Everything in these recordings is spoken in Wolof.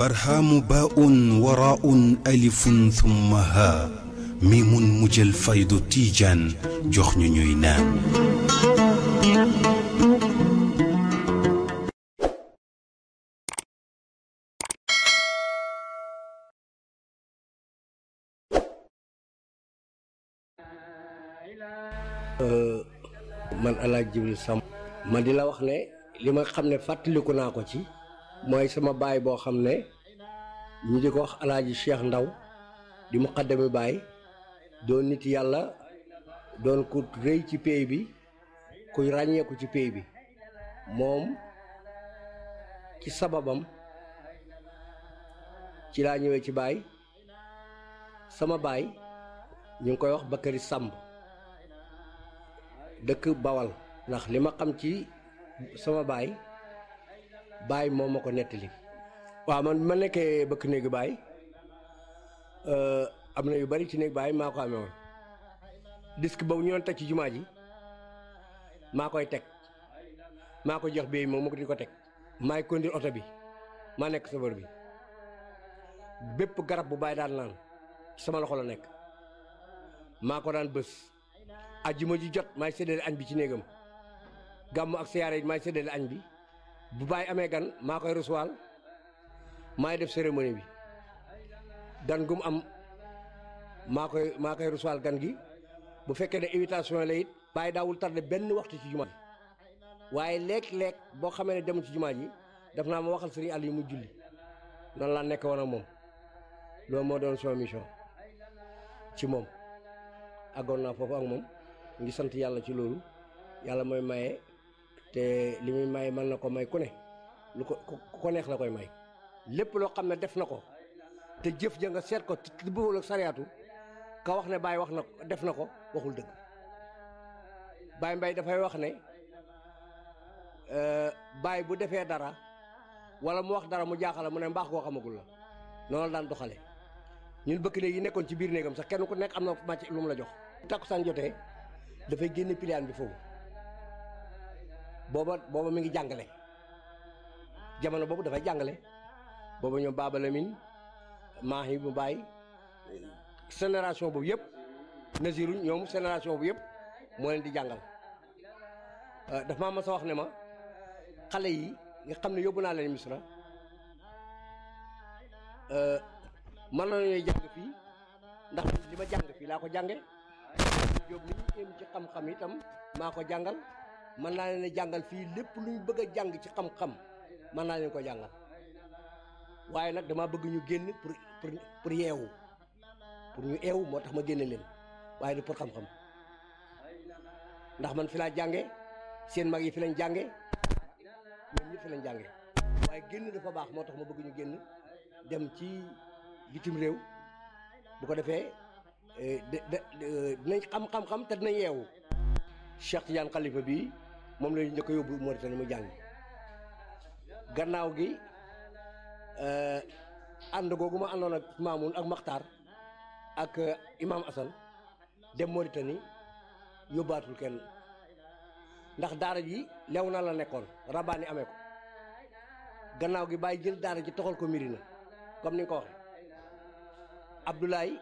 برهام باء وراء ألف ثم ها ميم مجل فيض تيجان جخن نينان man alaaj jibril sam ma di la wax ne li ma xam ne fàttaliku naa ko ci mooy sama baay boo xam ne ñu di ko wax alaaji Cheikh Ndaw di muqaddami baay doon nit yàlla doon kut rëy ci pay bi kuy ràññeeku ci pay bi moom ci sababam ci laa ñëwee ci baay sama baay ñu ngi koy wax ba këri Samb dëkk Bawal ndax li ma xam ci sama baay baay moom ma ko nettali waaw man ma nekkee bëkk néegu baay euh, am na yu bari ci néeg baay maa ko amee woon disque boobu ñu doon teg ci jumaa ji maa koy teg maa ko jox bi moom ma ko di ko teg maay conduire oto bi maa nekk chauffeur bi bépp garab bu baay daan naan sama loxo la nekk maa ko daan bës ajjuma ji jot maay séddale añ bi ci néegam gàmm ak siyaare yi maay séddale añ bi bu baay amee gan maa koy recevoir maay def cérémonie bi gan gum am maa koy maa koy recevoir gan gi bu fekkee ne invitation la it bàyyi daawul tardé benn waxtu ci jumaa ji waaye léeg-léeg boo xamee ne demul ci jumaa ji daf naa ma waxal sëriñ àll yi mu julli noonu laa nekk woon ak moom loolu moo doon sama mission ci moom àggoon naa foofu ak moom ngi sant yàlla ci loolu yàlla mooy maye te li muy may mën na ko may ku ne lu ko ko neex na koy may lépp loo xam ne def na ko te jëf ja nga seet ko te bëggul ak sariyaatu ka wax ne baay wax na def na ko waxul dëgg baay Mbaye dafay wax ne euh, baay bu defee dara wala mu wax dara mu jaaxala mu ne mbaax koo xamagul la noonu daan doxale ñun bëkk néeg yi nekkoon ci biir néegam sax kenn ku nekk am na màcc lu mu la jox. takkusaan jotee dafay génne pilaan bi foofu. booba booba mi ngi jàngale jamono boobu dafay jàngale booba ñoom Baba Lamine Mahi bu Baye génération boobu yëpp Naziru ñoom génération boobu yëpp moo leen di jàngal euh, daf maa mas ne ma xale yi nga xam ne yóbbu naa leen Misra euh, mën na ñooy jàng fii ndax li ma jàng fii laa ko jànge Jóob ni ñu ci xam-xam itam maa ko jàngal mën naa leen jàngal fii lépp lu ñu bëgg a jàng ci xam-xam mën naa leen ko jàngal waaye nag damaa bëgg ñu génn pour pour yeewu pour ñu eew moo tax ma génne leen waaye du pour xam-xam ndax man fi laa jànge seen mag yi fi lañ jànge ñoom ñëpp fi lañ jànge waaye génn dafa baax moo tax ma bëgg ñu génn dem ci bitim réew bu ko defee eh, dinañ xam-xam-xam te dinañ yeewu Cheikh Tidiane xalifa bi moom la njëkk a yóbbu Mauritanie mu jàng gannaaw gi euh, ànd googu ma àndoon ak ak Makhtar ak euh, Imam Assane dem Mauritanie yóbbaatul kenn ndax daara ji lew na la nekkoon rabaani ame ko gannaaw gi bàyyi jël daara ji toxal ko Mirina comme ni nga ko waxee Abdoulaye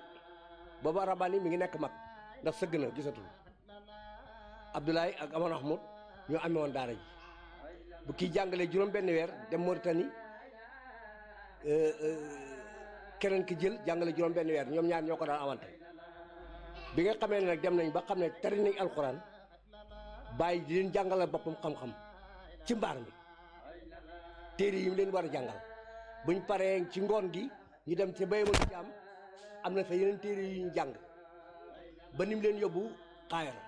rabaani mi ngi nekk mag ndax sëgg na gisatul Abdoulaye ak Aman Mahmoud ñoo amee woon daara ji bu kii jàngalee juróom benn weer dem Mauritanie euh, euh, keneen ki jël jàngale juróom benn weer ñoom ñaar ñoo ko daan awante bi nga xamee ne nag dem nañ ba xam ne tari nañ alxuraan bàyyi di leen jàngale boppam xam-xam ci mbaar mi téere yi mu leen war a jàngal buñ paree ci ngoon gi ñu dem ci béy ma am na fa yeneen téere yu ñu jàng ba ni leen yóbbu xaayara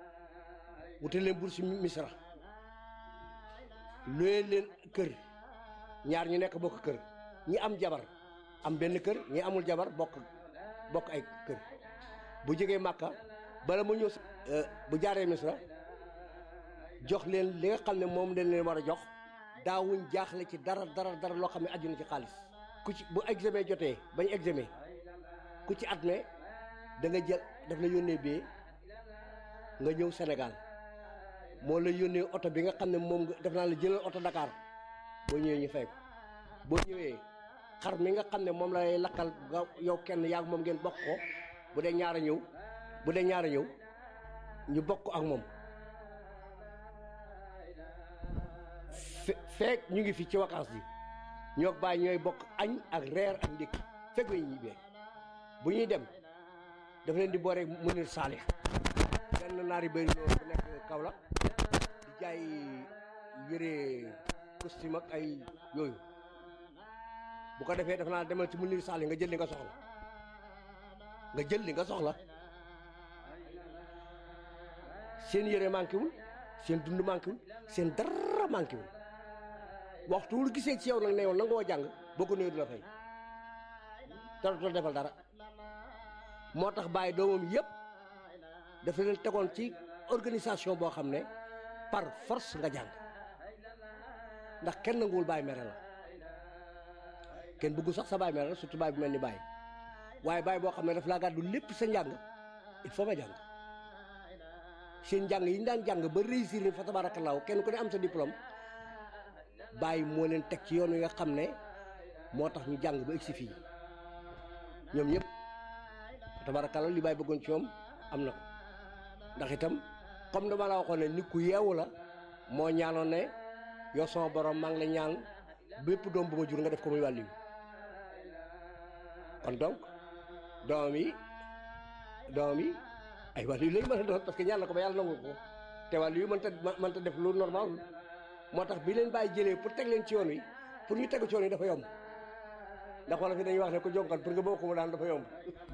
wutal leen bourse misra looyee leen kër ñaar ñu nekk bokk kër ñi am jabar am benn kër ñi amul jabar bokk bokk ay kër bu jógee màkka bala mu ñëw euh, bu jaaree misra jox leen li nga xam ne moom leen leen war a jox daawuñ jaaxle ci dara dara dara loo xam ne aju na ci xaalis ku ci bu examen jotee bañ examen ku ci at me da nga jël daf la yónnee bee nga ñëw Sénégal mo la yone auto bi nga xamne mom def na la jël auto Dakar bo ñëwee ñu fekk bo ñëwee xar mi nga xamne mom la lay lakal yow kenn yaa mom ngeen bokk ko bu dé ñaara ñëw bu dé ñaara ñëw ñu bokk ak mom fekk ñu ngi fi ci vacances bi ñok baay ñoy bokk añ ak reer ak ndik fekk way ñi bee bu ñuy dem daf leen di boré Munir Salih ben naari bari loolu nek nekk jay yere costume ak ay yoy bu ko defé daf naa demal ci munir sal nga jël li nga soxla nga jël li nga soxla seen yere manki wul seen dund manki wul seen dara manki wul waxtu wul gisee ci yow nak ne la nga woo jàng boo ko la fay defal dara motax baye domam yep dafa len tegon ci organisation bo xamne par force nga jang ndax kenn nanguwul bàyyi mere la kenn bëggu sax sa bàyyi mere su surtout bàyyi bu melni ni waye waaye bo xamne xam ne daf laa gàddu lépp sa jang il faut nga jang seen jang yi ndan jang ba réussir fa tabarakallah kenn ku ne am sa diplôme bay mo len tek ci yoonu nga xamne ne ñu jang ba exifi ñom ñep tabarakallah li bàyyi bëggon ci am ko ndax itam comme dama la waxoon ne nit ku yeewu la moo ñaanoon ne yow sama borom maa ngi la ñaan bépp doom bu ma jur nga def ko muy wàllu kon donc doom yi ay wàllu yu lañ a doon parce que ñaan na ko ba yàlla nangu ko te wàllu yu mënta mënta def lu normal moo tax bi leen bàyyi jële pour teg leen ci yoon yi pour ñu tegu ci yoon wi dafa yomb ndax wala fi dañuy wax ne ko jonkan pour nga bokk mu daan dafa yomb.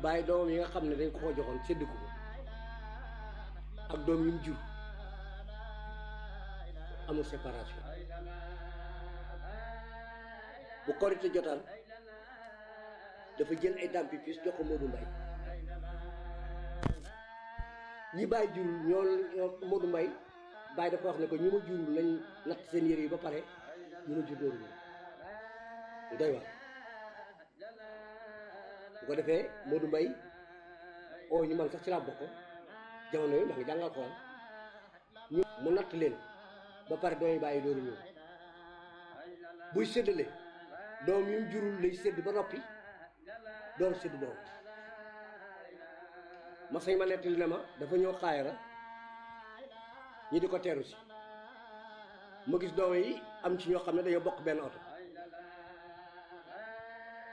bàyyi doomam yi nga xam ne dañ ko ko joxoon séddu ko ak doom yu mu jur amul séparation bu korite jotaan dafa jël ay dampi piis jox ko Modou mbay ñi bàyyi jur ñoo Modou Mbaye bàyyi dafa wax ne ko ñu ma jurul nañ natt seen yére yi ba pare ñu ma jur dóoru ñu doy wax bu ko defee Modou Mbaye oo ñu man sax ci laa bokk jamono yooyu maa ngi jàng alxuraan ñu mu natt leen ba pare doom yi bàyyi loolu ñëw buy séddale doom yu mu jurul lay sédd ba noppi door sédd doom ma sëñ ma nettali na ma dafa ñëw xaayara ñi di ko teeru si ma gis doom yi am ci ñoo xam ne dañoo bokk benn oto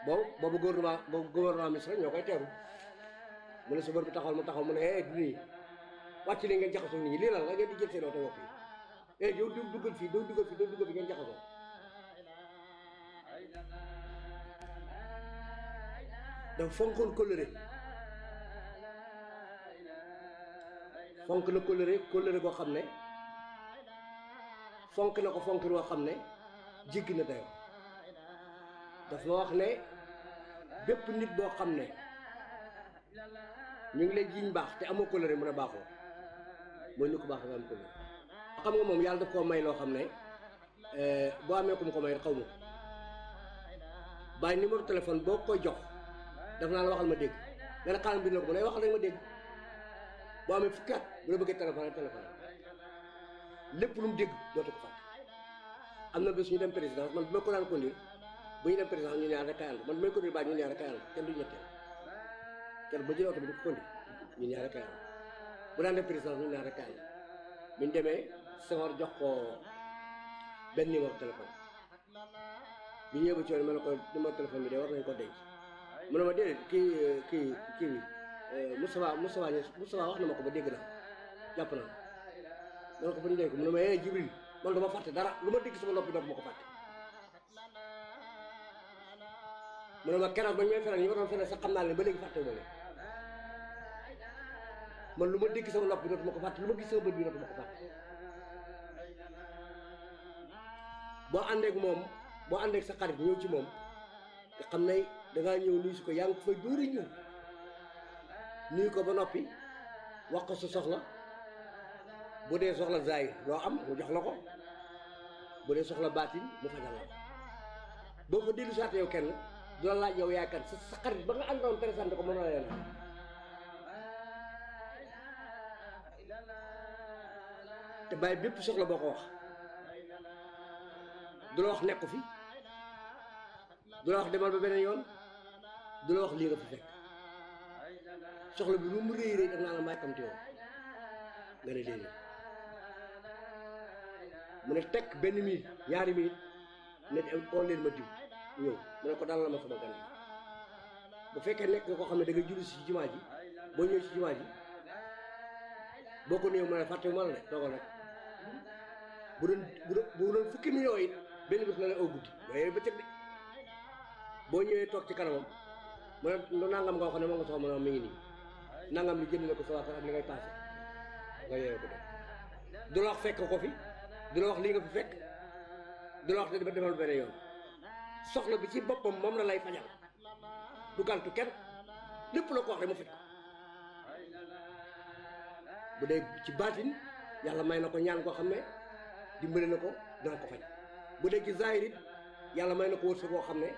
boobu boobu gouvernement boobu gouvernement ministre ñoo koy teeru mu ne chauffeur bi taxawal mu taxaw mu ne eh du nii wàcc leen ngeen jaxasoo nit ñi lii lan la ngeen di jël seen oto yokk yi eh, doo duggal fii doo duggal fii doo duggal fii ngeen jaxasoo dafa fonkoon kóllëre fonk na kóllëre kóllëre boo xam ne fonk na ko fonk boo xam ne jéggi na dayoo daf wax ne bépp nit boo xam ne ñu ngi lay jiñ baax te amoo kóllëre mën a baaxoo mooy nit ko baax nga am ko xam nga moom yàlla daf koo may loo xam ne eh, boo amee ku mu ko may xaw ma bàyyi numéro téléphone boo koy jox daf naa la waxal ma dégg nga bi na ko mën a waxal ma dégg amee fukki at bu la téléphone lépp lu mu dégg dootu ko fàtte am na bés ñu dem présidence man bu ma ko daan conduire bu ñu dem présidence ñu ñaar rek kay ànd man bu may conduire kenn du ñetteel kenn ba jëlee oto bi du ko conduire ñu ñaar rek kay ànd bu daan def présidence ñu ne la kaay bi ñu demee Senghor jox ko benn numéro téléphone bi ñëwee ba ci ma ne bi de war nañ ko denc mu ne ma kii kii bi euh, Moustapha Moustapha Moustapha wax na ma ko ba dégg na jàpp naa ma ne ko bu ñu denc ma yéen eh, Jibril man dama fàtte lu ma dégg sama noppi dootu ma ko fàtte mu ne ma keroog ba ma doon feral sax xam naa leen ba léegi fàtte wu ma leen man lu ma dégg sama nopp bi dootuma ko fàtte lu ma gis sama bët bi dootuma ko fàtte boo àndeek moom boo àndeek sa xarit ñëw ci moom nga xam ne dangaa ñëw nuyu si ko yaa ngi ko fay dóori ko ba noppi wax ko sa soxla bu dee soxla zaay loo am mu jox la ko bu dee soxla baatin mu fajal la ko boo ko dellu saate kenn du la laaj yow yaay kan sa xarit ba nga àndoon présenté ko mën na leen te bàyyi bépp soxla boo ko wax du la wax nekku fi du la wax demal ba beneen yoon du la wax lii nga fi fekk soxla bi lu mu rëy rëy daf la may kamte yoon nga ne déedéet mu ne tekk benn minute ñaari minute ne oo leen ma diw mu ne ko dalal ma sama gan bu fekkee nekk nga koo xam ne da julli si jumaa ji boo ñëwee si jumaa ji boo ko néew ma ne fàtte la de toogal rek bu doon bu doon fukki millions it benn bés na la oo guddi waaye bëccëg de boo ñëwee toog ci kanamam mu ne nangam nga wax ne ma nga soxla ma mi ngi nii nangam li jënd na ko salaat ak li ngay passé nga yeewee ko dem du la wax fekk ko fi du la wax li nga fi fekk du la wax ne dafa defal benn yoon soxla bi ci boppam moom la lay fajal du gàntu kenn lépp la ko wax rek mu fekk bu dee ci baatin yàlla may na ko ñaan koo xam ne dimbale na ko dana ko faj bu dee ci zahir it yàlla may na ko wërsëg boo xam ne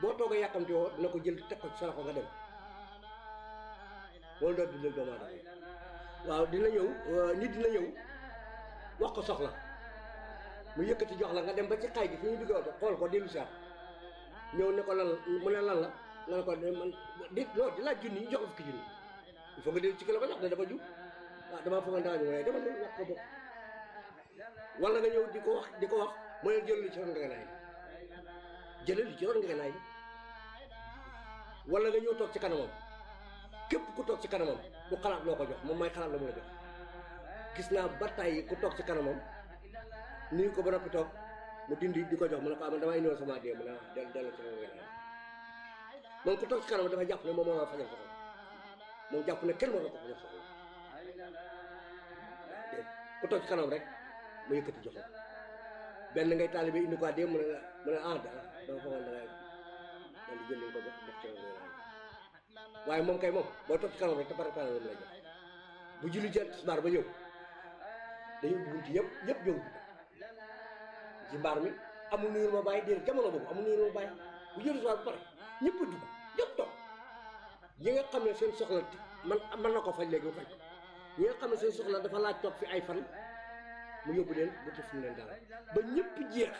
boo toogee yàkkamti woo dina ko jël teg ko ci sa loxo nga dem loolu daal dundal doomu aadama waaw dina ñëw euh, nit dina ñëw wax ko soxla mu yëkkati jox la nga dem ba ci xay gi fi ñu duggee xool ko dellu si ñëw ne ko lan mu ne lan la nga ne ko man di loolu di laaj junni ñu jox ko fukki junni il faut nga dellu ci kilo ba ndax dafa ju waaw ah, damaa foog a ndax waaye dama ne wax ko bopp wala nga ñew di wax di ko wax mu jël lu ci lay jël lu ci nga lay wala nga ñew tok ci kanamam kep ku tok ci kanamam bu xalaat loko jox moom may xalaat la mu jox gis na bataay ku tok ci kanamam ni ko bëna noppi mu dindi di jox mu ne ko am damay ñëw sama dem mu ah, dal dal ci ron ngeganaay moom ku tok ci kanamam dafa japp ne moom mo la ko soxla japp ne kenn mo ko fajal ko tok ci kanam rek mu yëkkati jox la benn ngay talibé indi ko dem mëna mëna mu ne ah ko wala dangay dal di jël ko jox def ci waye mom kay mom bo top ci kanam rek te pare pare la jox bu julli jël tisbaar ba ñëw dañu bu ci yëpp yëpp ñëw ci mbaar mi amu nuyu ma bàyyi dir jamono bu amu nuyu ma bàyyi bu jël tisbaar ba ñëpp a dugg ñëpp toog ñi nga xamné seen soxla man man na ko faj léegi mu faj nga xamné seen soxla dafa laaj top fi ay fan mu yóbbu leen ba ci suñu leen dara ba ñëpp jeex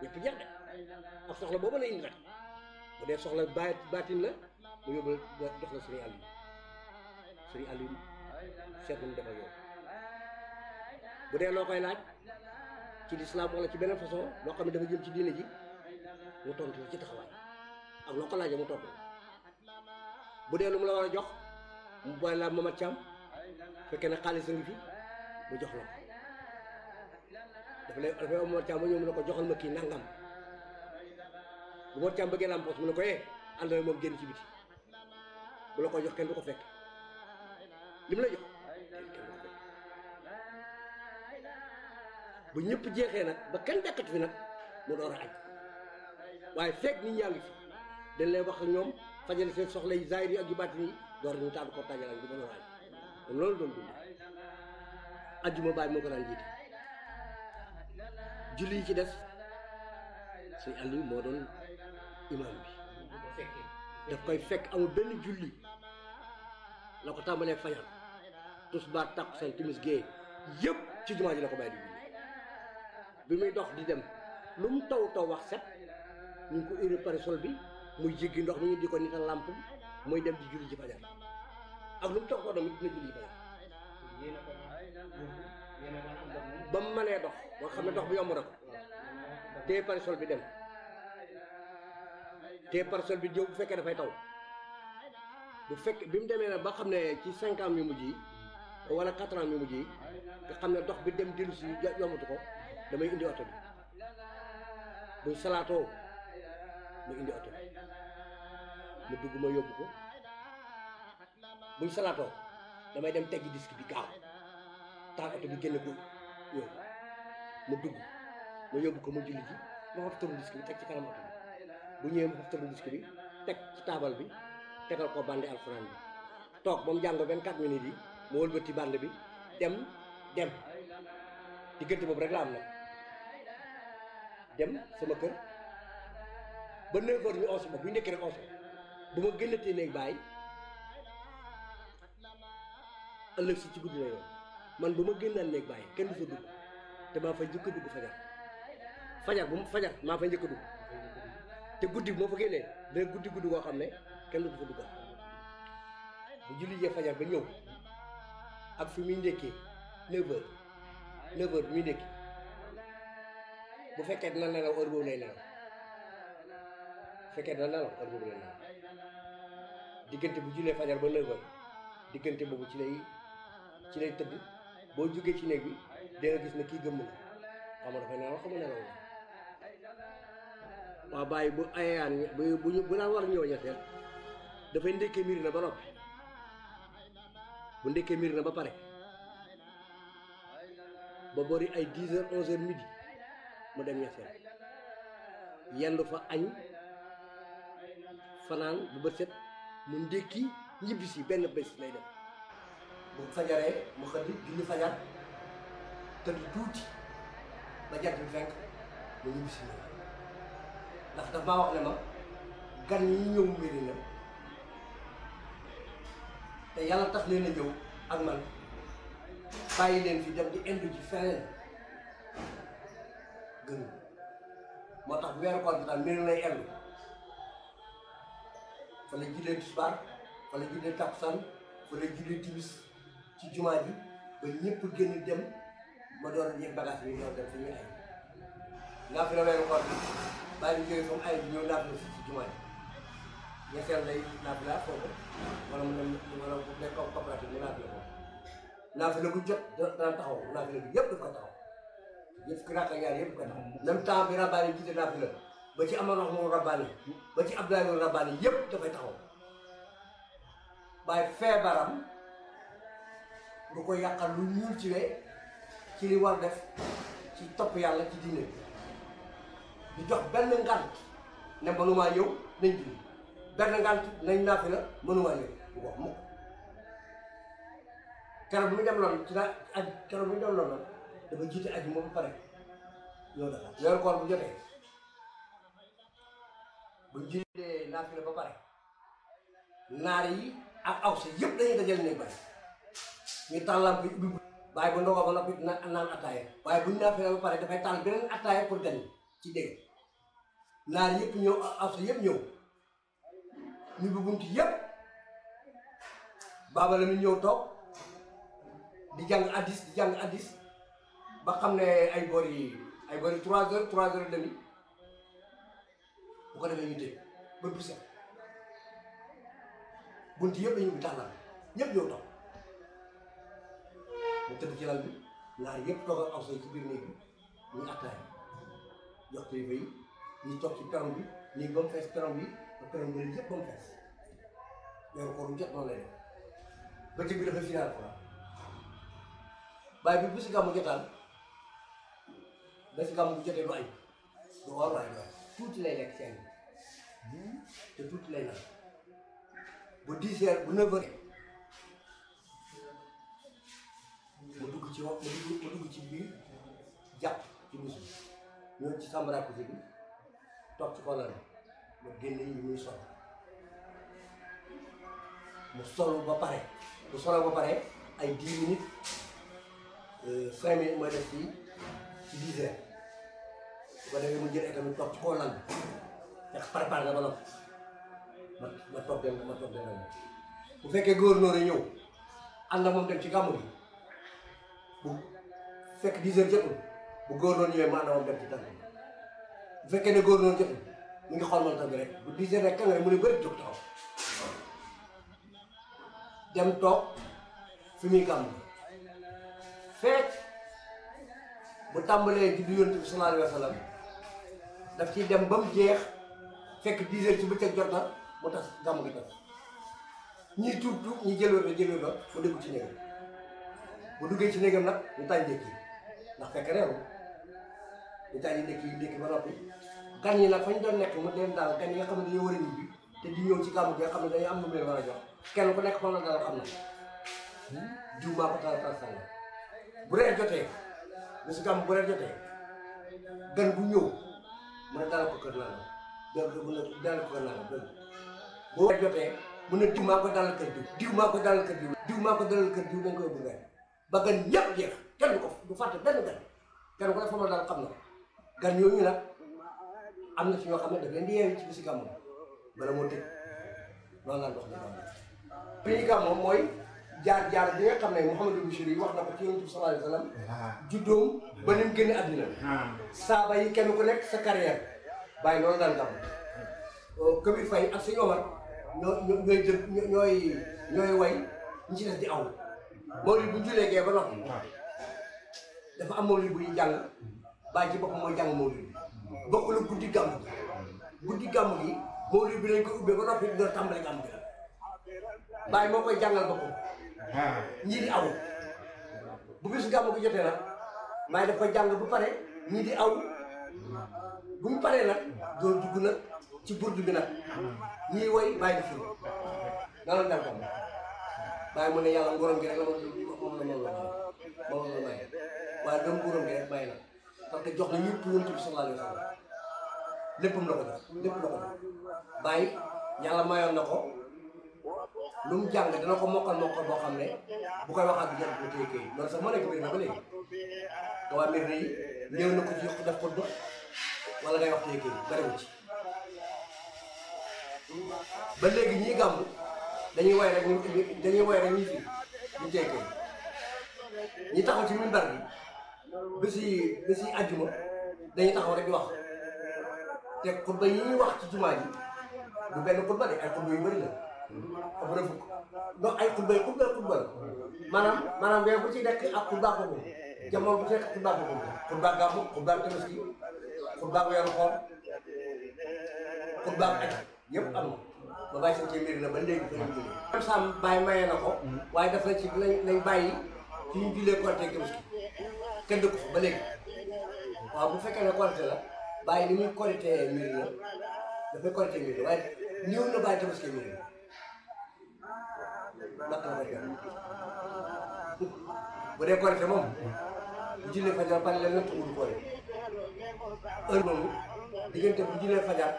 ñëpp jeex de ak soxla boobu la indi nag bu dee soxla ba baatin la mu yóbbu la jox la suñu àll yi suñu àll yi seetlu bu dee loo koy laaj ci lislaam wala ci beneen façon loo xam ne dafa jëm ci diine ji mu tontu ci taxawaay ak loo ko laajee mu tontu bu dee lu mu la war a jox mu boole la Mamat Thiam fekkee ne xaalis a ngi fi. mu jox la ko dafa lay dafa Omar Thiam ba ñëw mu ne ko joxal ma kii nangam bu Omar Thiam bëggee lampoos mu ne ko yee eh, ànd na moom génn ci biti bu la ko jox kenn du ko fekk li mu la jox bu ñëpp jeexee nag ba kenn dekkatu fi nag mu door a añ waaye fekk nit ñaa ngi fi dañ lay wax ak ñoom fajal seen soxla yi zaahir yi ak yu baatin yi door ñu taal ko tàggal ak du mën a añ loolu doon dund ajuma bay moko ko daan julli ci def sey ali mo don imam bi daf koy fek amul ben julli lako tambale fayal fajar tak takkusaan timis ge yeb ci juma ji lako bay di julli bi muy dox di dem lu mu taw taw wax set ñu ko ko urée sol bi muy jigi ndox ñu diko nitan nital muy dem di julli ci fajar ak lu mu taw taw dama dina julli ñi na ko ba mu mënee dox ba xam ne dox bi yomb na ko téye bi dem téye parasol bi jóg bu fekkee dafay taw bu fekk bi mu demee nag ba xam ne ci cinq ans yu mujj yi wala quatre ans yu mujj yi nga xam ne dox bi dem dellu si yombatu ko damay indi oto bi buy salaatoo mu indi oto bi mu dugg yóbbu ko buy salaatoo damay dem teggi disque bi gaaw taal oto bi génne ko mu ma dugg ma yóbbu ko ma julli ji ma fab tournevis bi teg ci kanam oto bi bu ñëwee ma fab tournevis bi teg ci taabal bi tegal ko bande alxuraan bi toog ba mu jàng vingt-quatre minutes yi ma wëlbati bande bi dem dem diggante boobu rek la am nag dem sama kër ba neuf heures oosu ma bu ñu nekkee rek oosu bu ma génnatee néeg bàyyi ëllëg si ci guddi la yoon man bu ma génnaan néeg bàyyi kenn du fa dugg te maa fay njëkk a dugg fajar fajar bu fajar maa fay njëkk a dugg te guddi bi moo fa génnee dana guddi guddi koo xam ne kenn du fa duggal bu julli jee fajar ba ñëw ak fi muy ndékkee 9h 9 muy ndékki bu fekkee na nelaw heure boobu lay nelaw bu fekkee dina nelaw heure lay nelaw diggante bu jullee fajar ba 9 diggante boobu ci lay ci lay tëdd. boo jógee ci néeg bi da gis na kii gëmm na xam nga dafay nelaw xam nga nelaw la waaw bàyyi bu ayaan bu bu bu war a ñëw dafay ndekkee miir na ba noppi bu ndekkee miir ba pare ba bori ay dix heures onze heures midi mu dem ñetteel yendu fa añ fanaan bu bët mu ndékki ñibbisi benn bés lay dem bu fajaree mu xëdd julli fajar tëdd tuuti ba jant bi mu ñibbi si ndax daf maa wax ne ma gan yi ñëw mbiri la te yàlla tax leen a ñëw ak man bàyyi leen fi dem di indu ci feneen gën moo tax weeru koor bi daal mbiri lay fa la jullee tisbaar fa la jullee takkusaan fa la jullee timis ci jumaa ji ba ñëpp génn dem ma door a yëg bagage bi ñoo dem suñu ay naa fi la weeru koor bi bàyyi ñu ay bi ñëw naa fi si ci jumaa ji ñetteel lay naa fi ne ko naa fi la bu jot dana taxaw naa fi la bi yëpp dafa taxaw yëpp ku raaka yaar yëpp ko taxaw bi rabbaani jiite naa fi la ba ci Amadou Mahmoud rabbaani ba ci Abdoulaye Rabbaani yëpp dafay taxaw waaye feebaram bu ko yàqal lu ñuul ci wee ci li war def ci top yàlla ci diine bi di jox ben ngant ne mënumaa yow nañ julli ben ngant nañ naafi la mënumaa yow bu wax mukk keroog bu ñu dem loolu ci naa aj keroog bu ñu dem loolu dafa jiite aj moom pare loolu dafa weeru koor bu jotee bu na naafi la ba pare naar ak aw sa yëpp dajal ne bari ñu tàllal bi ubbi waaye bu ndogoo ba noppi dina naan attaaya waaye bu ñu naafee ba pare dafay tàll beneen attaaya pour gan ci dégg naar yëpp ñëw afsa yëpp ñëw ñu bu bunt yëpp la mi ñëw toog di jàng addis di ba xam ne ay boor yi ay boor yi bu ko defee ñu tëj ba bise yëpp la ñu ñëw toog mu tëdd ci lal bi naar yëpp toogal aw say ci biir néeg bi ñu attaay jox kilifa yi ñu toog ci peron bi néeg ba fees peron bi ba peron bi yëpp jot noonu la def bëccëg bi dafay final quoi bàyyi bi bu si gàmmu jotaan ba si gàmmu jotee du añ du war waay du tuuti lay lekk seen hmm? te tuuti lay naan bu dix bu neuf ci wax ma dugg ci biir jàpp ci bés bi ñëw ci sàmbara bi toog ci xoolal ma génne yi muy sol mu solu ba pare mu solo ba pare ay dix minutes euh, cinq minutes mooy ko defee mu jël tamit toog ci xoolal bi te préparé na ba noppi ma ma toog dem ma toog dem bu fekkee góor noonu ñëw ànd ak moom dem ci gàmmu bi bu fekk 10 heures jotul bu góor noonu ñëwee maanaam dem ci tànk bu fekkee ne góor noonu jotul mu ngi xool montar bi rek bu 10 heures rek kàngare mu ne bëri jóg taxaw dem toog fi muy gàmm fekk bu tàmbalee juddu yonent bi sallallahu alayhi wa sallam daf ciy dem ba mu jeex fekk 10 heures ci bëccëg jot na mu tas gàmm gi tas ñiy tuub tuub ñi jël wér la jël wér la mu ci néeg bu duggee ci néegam nag ñu taal ndékki ndax fekk réew ñu taal ndékki ndékki ba noppi gan yi nag fañ doon nekk mu leen daal gan yi nga xam ne dañoo war a ñibbi te di ñëw ci gàmmu bi nga xam ne dañu am lu mu leen war a jox kenn ku nekk fan la dara xam na diw maa ko taal taal sànni bu reer jotee bésu gàmm bu reer daal ko kër naa la donc mu daal ko kër naa diw maa ko dalal kër diw diw maa ko dalal kër diw diw maa ko dalal ba gan yëpp jeex kenn ko du fàtte benn gan kenn ku ne fa daal xam na gan yooyu nag am na ci ñoo xam ne daf leen di yeewi ci si gàmmu bala moo tëj noonu laa dox ñu gàmmu. bisu gàmmu mooy jaar jaar bi nga xam ne Mouhamadou Bachir yi wax na ko ci Yonent bi sallallahu alayhi wa sallam. juddoom ba ni mu saaba yi kenn ku nekk sa carrière bàyyi noonu daan gàmmu. Oh, Kabir Faye ak sëñ Omar ñoo ñooy jël ñooy ñooy way ñi ci des di aw. mawlid bu jullee gee ba noppi mm. dafa am mawlid buy jàng bàyyi ci boppam mooy jàng mawlid bi bokkul guddi gàmm gi guddi gàmm gi mawlid bi lañ ko ubbee ba noppi dina tàmbali gàmm gi koy jàngal boppam ñii di aw bu bis gàmm gi jotee nag pare ñii di aw bu mu paree nag doo dugg nag ci burdu bi nag ñii woy bàyyi di firi nga loolu dal ko bàyyi mu ne yàlla nguuram gi rek parce que jox na ñëpp yonent bi sallallahu ko lu mu jàng dana mokkal mokkal boo xam ne bu koy wax ak du jàng bu téye te waa ba léegi ñii gàmmu dañuy woy rek ñu dañuy woy rek ñu fi ñu taxaw ci minbar bi ba si ba si àjjuma taxaw rek di wax te xutba yi ñuy wax ci jumaa ji du benn xutba de ay xutba yu bëri la. xutba fukk ay xutba yi xutba xutba la maanaam maanaam weer bu ci nekk ak xutba boobu jamono bu ci nekk xutba boobu xutba gàmmu xutba tabaski xutba weeru xool xutba aj yëpp am Babacar ci mbir la ba léegi gën a jógee. Mame Sam Baye maye na ko. waaye dafa ci nañ nañ bàyyi fi ñu jullee Korité Tabaski kenn du ko fa ba léegi waaw bu fekkee ne Korité la bàyyi li muy Korité mbir la dafay Korité mbir la waaye néew na bàyyi Tabaski mbir la naka la koy jox bu dee Korité moom. bu jullee fajar pare la lépp tudd Korité heure boobu diggante bu jullee fajar.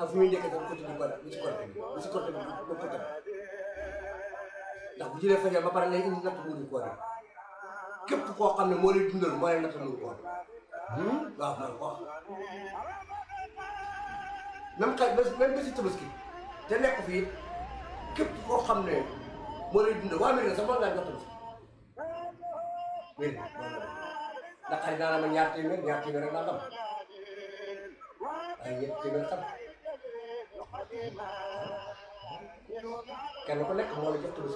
ak fu muy nekk dafa côté bi wala lu ci côté bi lu ci côté bi lu ko dem ndax bu jëlee fajar ba pare lay indi natt muuru koor yi képp koo xam ne moo lay dundal moo lay natt muuru koor hmm? waaw man ko wax même xay même bési tabaski te nekk fii képp koo xam ne moo lay dundal waa Mbiré sax mën ngaa jox tabaski léegi ndax xay naa kenn ku nekk moo la jox tudd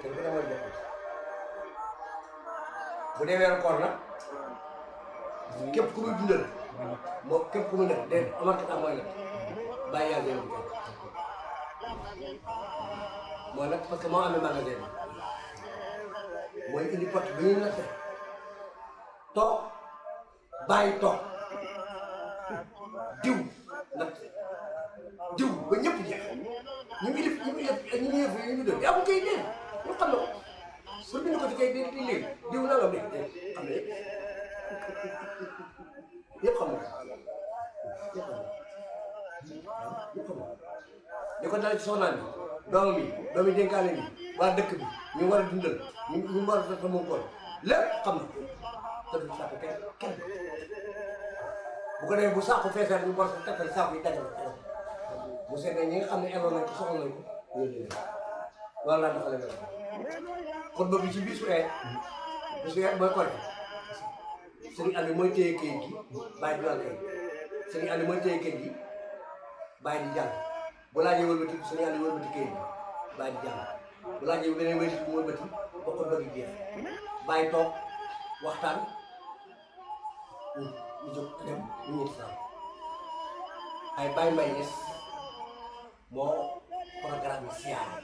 kenn ku nekk moo la jox bu dee weeru koor nag képp ku muy dundal moom képp ku muy nekk de amarkata mooy nag bàyyi yàlla yow mooy nag parce que moo amee magasin bi mooy indi pot bi ñuy natte toog bàyyi toog diw natt diw ba ñëpp jeex ñu ngi def ñu ngi def ñu ngi def ñu ngi def yaa ko kay dee ñu xam ne ko pour bind ko ci kay dee di léegi diw naa la léegi xam ne yëpp xam nga yëpp xam nga yëpp xam nga di ko dal ci soxnaan bi doomam yi doom yi dénkaane bi waa dëkk bi ñu war a dundal ñu ñu war a def moom koor lépp xam na te du sàkk kenn kenn bu ko defee bu sàkku feesee ñu war a tàkkal sàkku yi dajal bu seetee ñi nga xam ne éloon nañ ko soxla nañ ko ñoo jëlee loolu laa doxalee mel. kon ba bi ci bisu tey bisu weer booy koy sëriñ Aliou mooy téye kayit gi bàyyi di wàllu kayit sëriñ Aliou mooy téye kayit gi bàyyi di jàng bu laajee wëlbati sëriñ Aliou wëlbati kayit gi bàyyi di jàng bu laajee beneen wëlbati bu wëlbati ba ko bëgg jeex bàyyi toog waxtaan ñu ñu jóg dem ñu ñetti saa ay bàyyi mbay ñes moo programme siyaare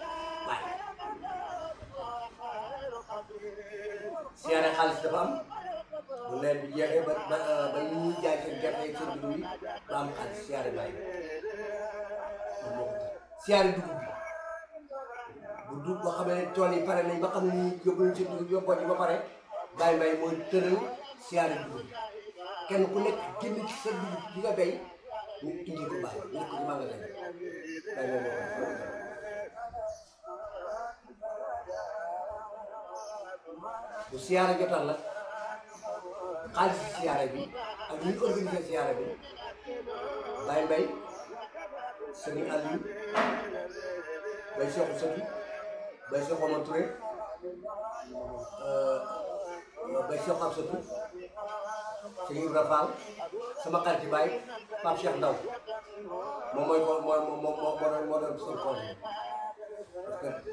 bàyyi siyaare xaalis dafa am bu nawet bi jeexee ba ba ba ñu ñuy jaay seen dugub bi bu du boo xamee tool yi pare nañ ba xam ne nii yóbbu nañ seen dugub yóbboo ci ba pare bàyyi mbay mooy tëral siyaare dugub bi kenn ku nekk génn ci sa dugub bi nga béy. ñu indi ko baax ñu ko màgg nañ bàyyi boobu bu siyaara jotal la xaalis siyaara bi ak ñu organisé siyaara bi Baye Mbaye sëriñ Aliou bay Cheikh Ousseynou bay Cheikh Omar Touré bay Cheikh Amsatou Seigneur Rafal sama xarit ci baay Cheikh Ndaw moom moy moo moo moo moo doon moo doon suñu koor parce que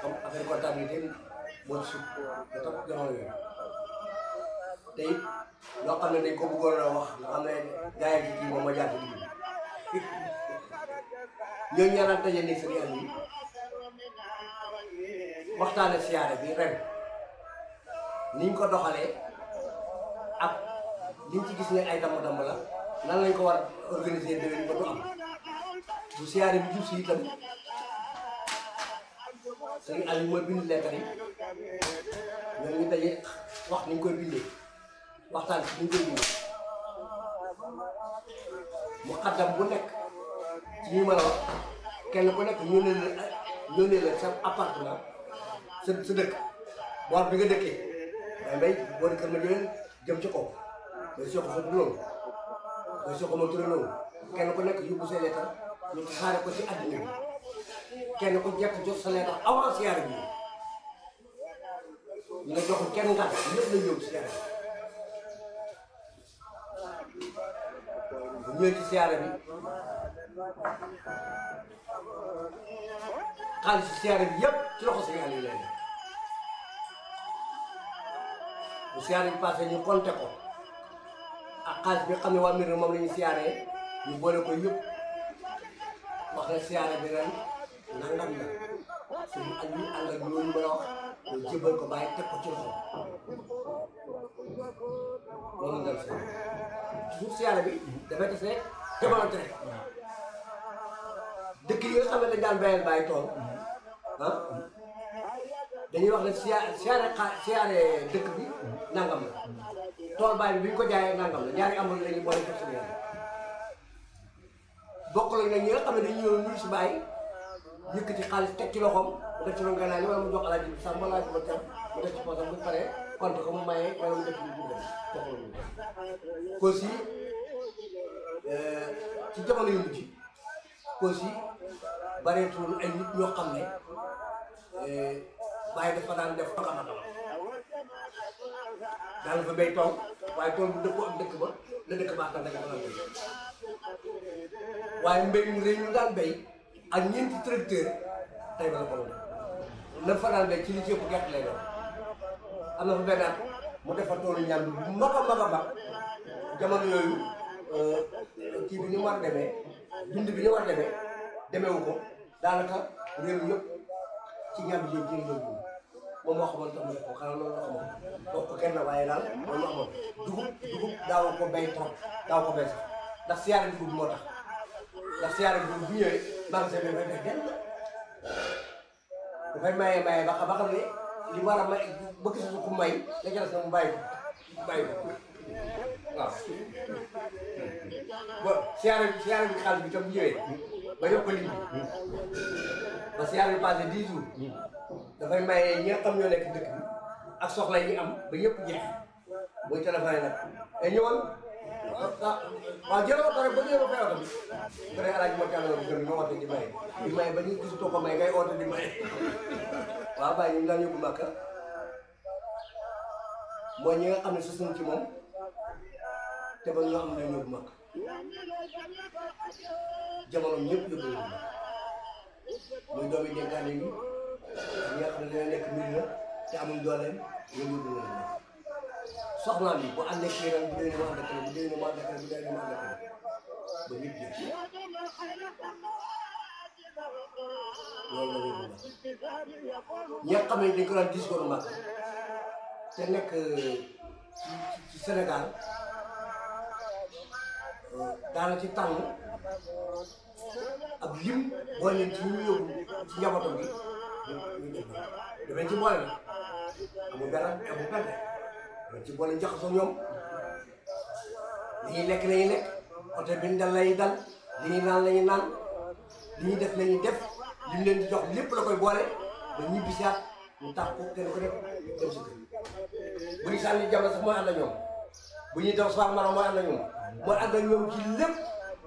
comme affaire comptabilité moo ci da topp jamono yooyu te it loo xam ne dañ liñ ci gis ne ay damb-damb la nan lañ ko war a organiser déwén ba du am bu siyaare bi jub si itam sëñ Aliou mooy bind lettre yi ñoom ñu daje wax ni ñu koy bindee waxtaan ci ni ñu koy bindee mu xaddam bu nekk ci ñu mën wax kenn ku nekk ñu ne la sa appartement sa sa dëkk boor bi nga dëkkee day boori kër ma jëleen jëm ci kaw ba Cheikh Ousmane noonu ba Cheikh Oumar Touré noonu kenn ku nekk yóbbu sa leetar ñu ku jekk jot sa leetar bi kenn nga ñëpp lañ bi bu ñëwee ci bi xaalis si bi yëpp ci loxo si yàlla yi lay bi passé ñu compté ko a xaalis bi xam ne waa Médina moom la ñu siyaaree ñu boole ko yëpp wax na siyaare bi ren nangam la suñu ak ñu ànd ak loolu teg ko ci loxo loolu nga def suñu siyaare bi dafay tase jamonante rek dëkk yi nga xam ne dañ daan bàyyil bàyyi tool ah wax ne siyaare siyaare dëkk bi nangam la tool baay bi bi ñu ko jaayee nangam la ñaari amul la ñu boole jox suñu yaay xam ne dañu si bàyyi yëkkati xaalis teg ci loxoom def ci loolu gannaaw li wala mu jox alaaji bi sax mu laaj ko tam mu def ci poosam ko mu mayee wala mu def ci bu def bokkul ñu aussi jamono yu mujj aussi ay nit ñoo xam ne eh, bàyyi dafa daan def xam-xam daana fa béy tool waaye tool bu dëppoo ak dëkk ba la dëkk baax na nga mën a béy waaye mbéy mu rëy ñu daan béy ak ñeenti tracteur tey ba la ko woon la fa daan béy ci li ci ëpp gerte lay doon am na fa benn at mu defar toolu ñaar bu mag a mag a mag jamono yooyu kii bi ñu war demee dund bi ñu war demee demeewu ko daanaka réew yëpp ci ñaar bi jëm moom moo xamoon tax mu def ko kenn waaye daal moom la xamoon dugub dugub daaw ko bay trop daaw ko bay sax ndax siyaare bi moo tax ndax siyaare bi bu ñëwee magasin ba xam ba xam ne li war ku may la jëlaat na mu bàyyi ko bàyyi ko waaw bon siyaare bi siyaare bi xaalis bi tam ñëwee ba yokk ko bi parce que yàlla passé dix jours dafay maye ñi nga xam dëkk ak soxla yi am ba ñëpp jeex booy téléphoné nag e ñëwal ah, waaw jëloo pare ba jëloo fay oto bi alaaji ma di maye di maye ba ñuy gis too ko may ngay oote di maye waaw bàyyi ñu daan yóbbu màkka ñi nga ci te ba jamono muy doomi dénkaane bi nga xam ne dañoo nekk mbir te amul dooleem yëngu du loolu soxnaam bi bu ànd ak yéen bu dee maa dëkkale bu dee maa dëkkale bu dee maa dëkkale ba nit ñi loolu la ñu ñi nga xam ne dañ ko daan discours mag te nekk euh, ci Sénégal euh, daana ci tàng ak lim boole leen ci ñu yóbbu ci njabootam bi dama ci boole la amul dara amul perte dama ci boole jaxasoo ñoom li ñu lekk la ñuy lekk bi ñu dal la ñuy dal li ñuy naan la ñuy naan li ñuy def la ñuy def li mu leen di jox lépp la boole ba ñibbi si mu tax ko kenn ku nekk bu ñu sànni jamono sax mooy ànd ñoom bu ñuy daw soir mara mooy ànd ñoom mooy ànd ñoom ci lépp.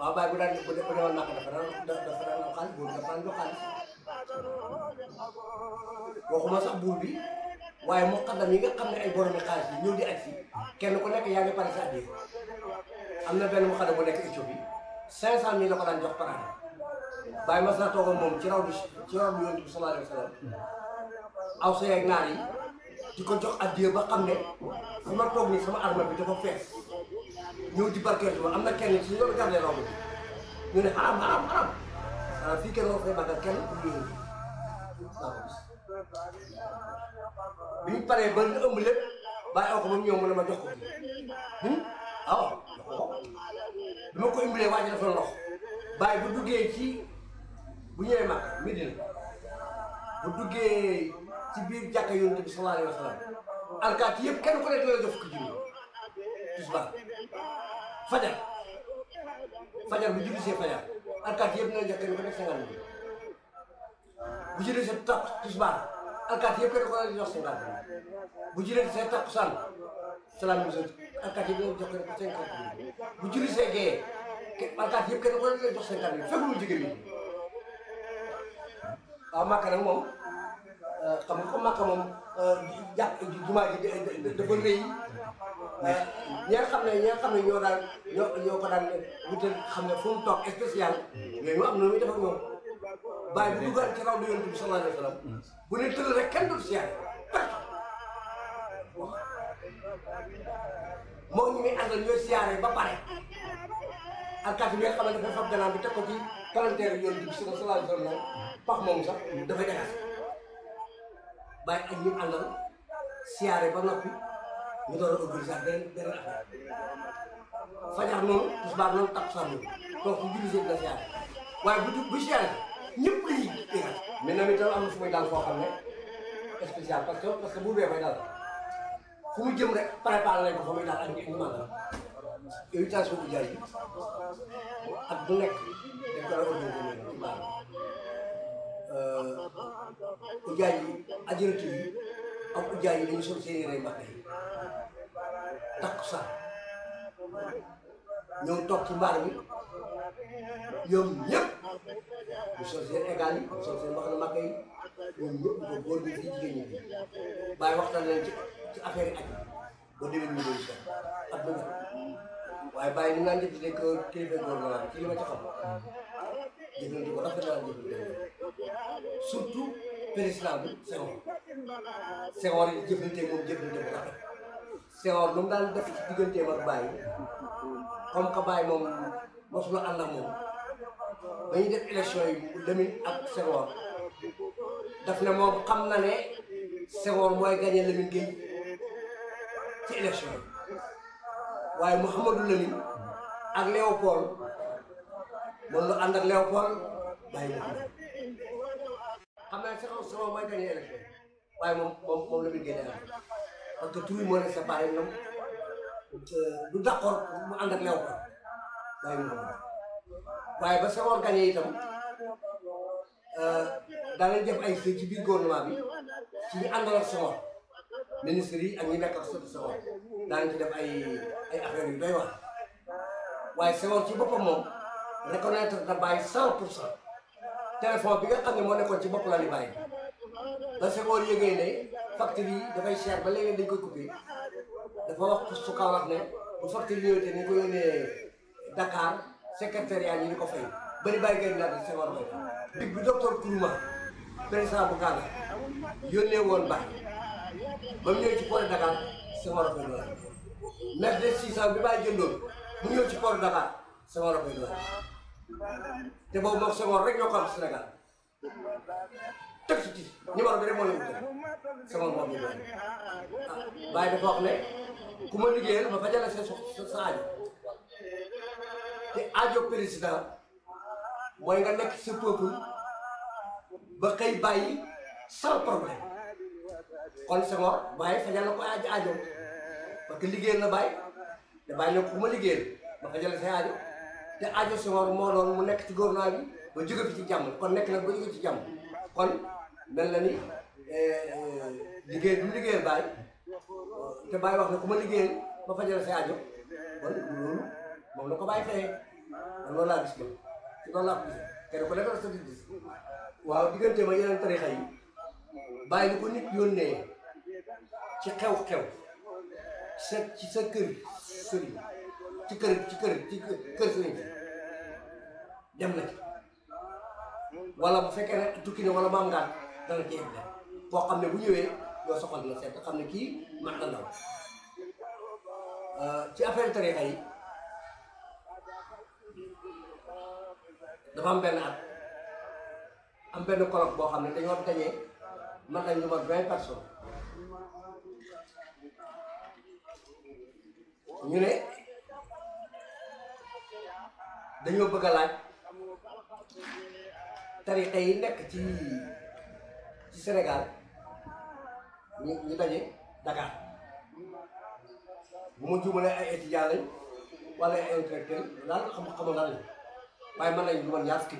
waaw bàyyi bu daan bu demoon naka dafa daan dafa daan am xaalis buur dafa daan jox xaalis waxuma sax yi nga xam ne ay borom xaalis bi ñëw di aj kenn ku nekk yaa ngi pare sa addiya am na benn muqaddam bu nekk Éthiopie 500000 la ko daan jox par an bàyyi mas naa toogoon moom ci raw bi ci raw bi yonent bi sallallahu alayhi wa sallam aw sa yeeg naar yi di ko jox addiya ba xam ne sama toog ni sama arme bi dafa fees. ñëw di barkeeltu am na kenn suñu doon gardé romb bi ñu ne xaram xaram xaram ah fii bi ñu paree ba ëmb lépp bàyyi aw ko ba mu ñëw mu ne ma jox ko ji waaw jox ko ko bi ma ko imbilee waa ji dafa ndox bàyyi bu duggee ci bu ñëwee màgg Medina bu duggee ci biir jàkka yonent bi sallallahu alayhi wa yëpp kenn ku nekk la jox ko ji tisbaar fajar fajar bu jullisee fajar alkaati yëpp dina njëkk ko def cinquante mille bu jullisee takk tisbaar alkaati yëpp ko def cinquante mille bu jullisee takkusaan salaam alkaati yëpp dina njëkk ko cinquante mille bu jullisee gee alkaati yëpp kenn ko def jox cinquante mille fekk mu jigéen ñi waaw Màkka nag moom euh, xam nga ko Màkka moom euh, jàpp jumaa ji dafa rëy ñi nga xam ne ñi xam ne ñoo daan ñoo ñoo ko daan wutal xam ne fu mu toog spécial yooyu am na lu muy def ak ñoom bàyyi bu dugal ci kaw du yonent bi sallallahu alayhi wa sallam tëdd rek kenn du siyaare moom ñu muy àndal ñooy siyaare ba pare alkaati bi nga xam ne dafa fab gannaaw bi teg ko ci palanteer yonent bi sallallahu alayhi wa sallam ak ñu àndal siyaare ba noppi ñu door a organiser benn fajar noonu tisbaar noonu takkusaan noonu donc ñu julli la ziar waaye bu bu ziar ñëpp la ñuy déggal mais nawet daal am na fu muy daal foo xam ne spécial parce que parce que bu dee may daal fu muy daal ak ñu mën a invitation bu jaay ak bu nekk dañ koy euh, organiser am ujjaay yi dañu sol seen yére yu mag yi takku sax ñëw toog ci mbaar bi ñoom ñëpp ñu sol seen égal yi ñu sol seen wax na mag yi ñoom ñëpp ñu ko góor bi fii jigéen ñi bi bàyyi waxtaan leen ci ci affaire yi ak ba déwén ñu doon sol ak bu waaye bàyyi ñu naan jëndee ko ci li ma ci xam jëfandikoo rafet surtout président bi Senghor Senghor moom jëflante bu rafet Senghor lu mu daan def ci digganteem ak Baye comme que Baye moom mosul ànd ak moom ba ñuy def élection yi Lamine ak Senghor daf ne moom xam na ne Senghor mooy gagné Lamine Gueye ci élection yi waaye Mouhamadou Lamine ak Léopold mën na ànd ak Léopold Baye Mouhamadou xam naa sax sama mooy gagné élection waaye moom moom la muy génne la parce que tur bi moo leen séparé du d' accord ànd ak lew ko waaye ba sama gagné itam euh, daanañ ci biir gouvernement bi ci yi ak ñi nekk ak sëtu sama def ay ay affaires yu doy waar waaye sama ci boppam moom reconnaître na bàyyi 100 pour cent. téléphone bi nga xam ne moo nekkoon ci bopp laa li bàyyi ba Senghor yëgee ne facture yi dafay cher ba léegi dañ koy coupé dafa wax su kaw wax ne bu facture yooyu te ni ko yónnee Dakar secrétariat yi ñu ko fay bari bàyyi gën naa di Senghor fay dig bi bu Kaana yónnee woon baax ba mu ñëw ci port Dakar Senghor fay doole. Mercedes bi bàyyi jëndoon mu ñëw ci port Dakar Senghor fay doole. te boobu moom Senghor rek ñoo ko am Sénégal teg ci ci numéro bi rek moo leen ko Senghor moom ñu doon ah Baye dafa wax ne ku ma liggéeyal ma fajal sa sa sa aajo te aajo président mooy nga nekk sa peuple ba xëy bàyyi sans problème kon Senghor Baye fajal na ko aajo parce que liggéeyal na Baye te Baye ne ku ma liggéeyal ma fajal sa aajo. te aajo Senghor moo doon mu nekk ci gouvernement bi ba jóge fi ci jàmm kon nekk nag ba jóge ci jàmm kon mel na ni eh, liggéey bi mu liggéeyal Baye te Baye wax na ku ma liggéeyal ma fajal sa aajo kon loolu moom la ko Baye fayee man loolu laa gis ko ci loolu laa ko gisee kenn ku nekk sa gis waaw diggante ma yeneen tarixa yi Baye ni ko nit yónnee ci xew-xew sa ci sa kër sëriñ ci kër ci kër ci kër sëriñ dem na ci wala bu fekkee ne tukki na wala maam ngaan dana ci egg boo xam ne bu ñëwee yoo soxal na seet xam ne kii mat na ndaw euh, ci affaire tarixa yi dafa am benn am benn colloque boo xam ne dañoo dañee man nañ ñu mat vingt personnes ñu ne dañoo bëgg a laaj tariqa yi nekk ci ci Sénégal ñu ñu daje Dakar bu ma juumalee ay étudiants lañ wala ay intellectuels daal xam-xamu lan lañ waaye mën nañ lu man ñaar fukki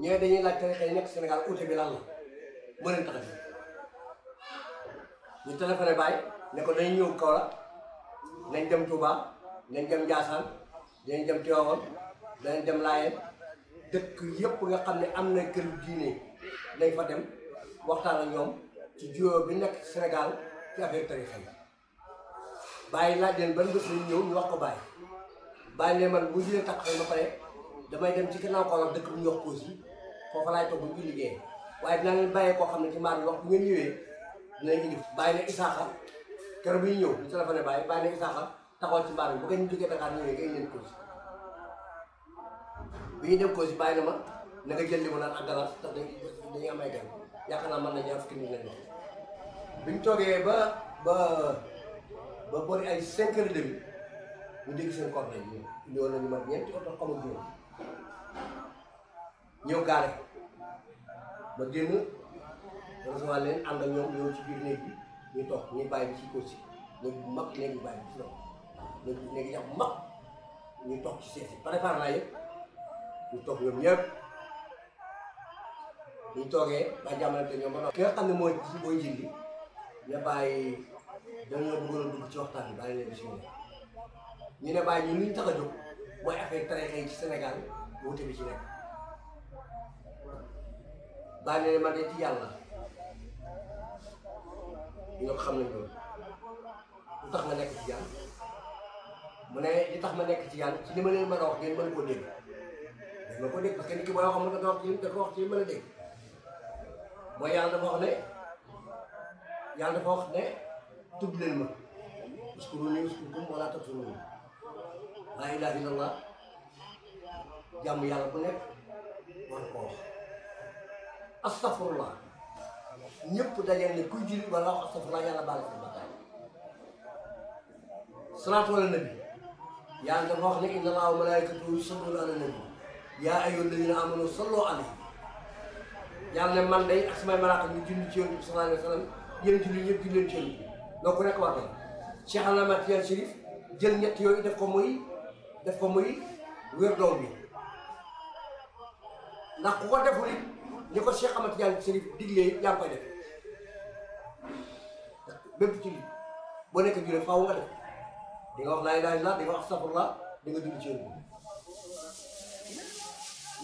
ñooy dañuy laaj tariqa yi nekk Sénégal uute bi lan la moo leen tax ñu téléphoné Baye ne ko dañuy ñëw Kaolack nañ dem Touba nañ dem Ndiassane. dinañ dem Tivaouane dinañ dem Layeen dëkk yëpp nga xam ne am na këru diine dañ fa dem waxtaan ak ñoom ci juyoo bi nekk Sénégal ci affaire tarixa yi bàyyi laaj leen ban bés lañ ñëw ñu wax ko bàyyi bàyyi leen man bu ñu leen taxawee ba pare damay dem ci gannaaw koolam dëkk bu ñu wax pause yi foofa laay toog bu ñu liggéey waaye dinaa leen bàyyee koo xam ne ci maar wax bu ngeen ñëwee dinañ indi bàyyi ne Isaaxa keroog bi ñu ñëw ñu téléphone bàyyi bàyyi ne Isaaxa taxaw ci mbaar bi bu ngeen jógee Dakar ñëwee nga indi leen cause bi ñuy dem na ma na nga jël li ma naan ak galaas tax dañuy am ay gan yaakaar naa mën na ñaar fukki nit lañ def bi ñu toogee ba ba ba boori ay cinq heures et demi ñu dégg seen cortège ñu indi woon nañu mat ñeenti oto xamu juróom ñëw gaare ba leen ànd ak ñoom ñëw ci biir néeg bi ñu toog ñu bàyyi ci cause yi ñu mag néeg bi bàyyi ci loolu léegi léegi mag ñu toog ci seet si préparé naa yëpp ñu toog ñoom ñëpp ñu toogee ba jàmmalante ñoom ba ki nga xam ne mooy mooy njiit li ne bàyyi dañoo bëggoon a dugg ci waxtaan bi bàyyi leen ñu ne bàyyi ñun li ñu tax a jóg mooy affaire tarixa yi ci Sénégal wute bi ci nekk bàyyi ne man de ci yàlla ñoo xam nañ loolu lu tax nga nekk ci yàlla. ma ne li tax ma nekk ci yàlla ci li ma leen mën a wax ngeen mën koo dégg ngeen mën koo dégg parce que nit ki booy wax mën nga wax ci da ko wax ci mën a dégg mooy yàlla dafa wax ne yàlla ne tudd leen ma uskuruni uskurkum wala takfurun laa ilaaha illallah jàmm yàlla war koo wax astafurlah ñëpp dajee ne kuy julli wala wax astafurlah yàlla baal sa bataay salaatu wala nabi yàlla dafa wax ne inna allaha wa malaikatahu yusalluuna ala nabi yaa ayyuha alladina amanu sallu alayhi yàlla ne man day ak samay malaaka ñu julli ci yonent bi ñëpp julli leen ci yonent bi donc ku nekk wax tey Cheikh Al Amath Tidiane jël ñett yooyu def ko muy def ko muy wér doom bi ndax ku ko deful it ni ko Cheikh Amath Tidiane Chérif diglee it yaa ngi koy def bépp ci lii boo nekk julli faaw nga def di nga wax laa ilaaha illallaah di nga wax astaghfirullaah di nga julli ci yéen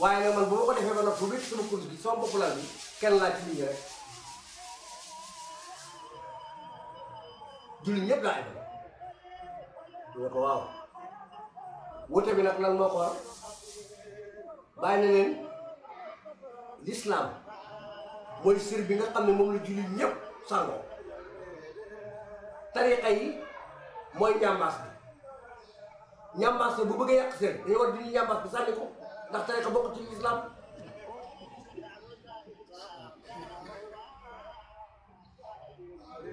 waaye nag man bu ma ko defee ba noppi wécc sama bi sama bopp laa bi kenn laa ci nit ñi rek julli ñëpp laa defal ñu ne ko waaw wute bi nag lan moo ko war bàyyi na lislaam mooy sër bi nga xam ne moom la julli ñëpp sàngoo tariqa yi. mooy njàmbaas bi njàmbaas bu bëggee yàq seen dañu war dindi njàmbaas bi sànni ko ndax tariqa bokk ci lislaam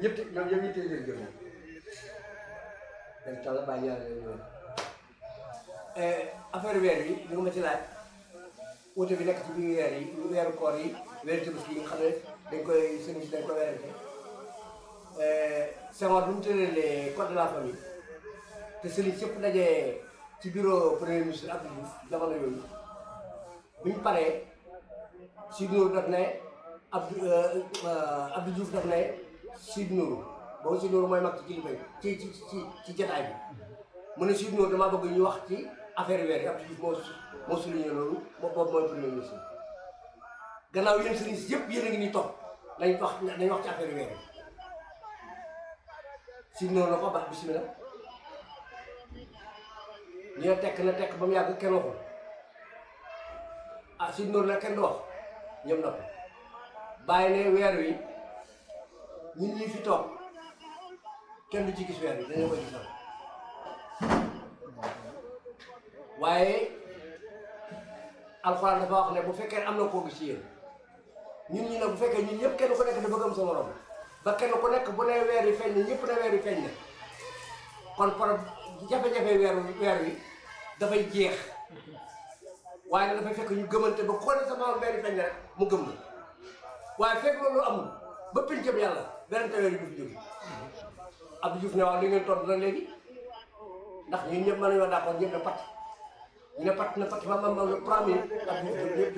yëpp ñoom ñoom ñu téye leen jëm dañ tàll bàyyi yàlla leen ñoom eh, affaire weer yi li nga ma ci laaj wute bi nekk ci biir weer yi weeru koor yi weeru tabaski yi nga xam ne dañ koy sëñ si dañ koy weerante Eh, Senghor bi mu tëralee code de la famille te sëriñ yëpp dajee ci bureau premier ministre Abdou Diouf jamono yooyu bu ñu paree Sidy Nourou daf ne Abdou euh, euh, Abdou Diouf daf ne Sidy Nourou boobu Sidy Nourou mooy mag ci kilifa ci ci ci ci jataay bi mu ne Sidy Nourou damaa bëgg ñu wax ci affaire weer yi Abdou Diouf moo moo souligné loolu moo premier ministre gannaaw yéen sëriñ yëpp yéen a ngi ni toog nañ wax nañ wax ci affaire weer yi si noonu la ko bax bisimilah ñu ne tekk na tekk ba mu yàgg kenn ko ah si noonu la kenn du wax ñoom na ko bàyyi ne weer wi ñun ñii fi toog kenn du ci gis weer wi dañoo koy gisal waaye alxuraan dafa wax ne bu fekkee am na koo gis ci yéen ñun ñi ne bu fekkee ñun ñëpp kenn ku nekk dafa gëm sa morom. ba kenn ku nekk bu ne weer yi feeñ na ñëpp ne weer yi feeñ na kon par jafe-jafe weer wi dafay jeex waaye dafay fekk ñu gëmante ba xool sama weer yi feeñ na mu gëm la waaye fekk loolu amul ba pincam yàlla beneen weer yi du fi jóge ne waaw li ngeen na léegi ndax ñun ñëpp mën nañoo d'accord ñëpp ne pat ñu ne pat na pat ma ma ma le premier ak ñëpp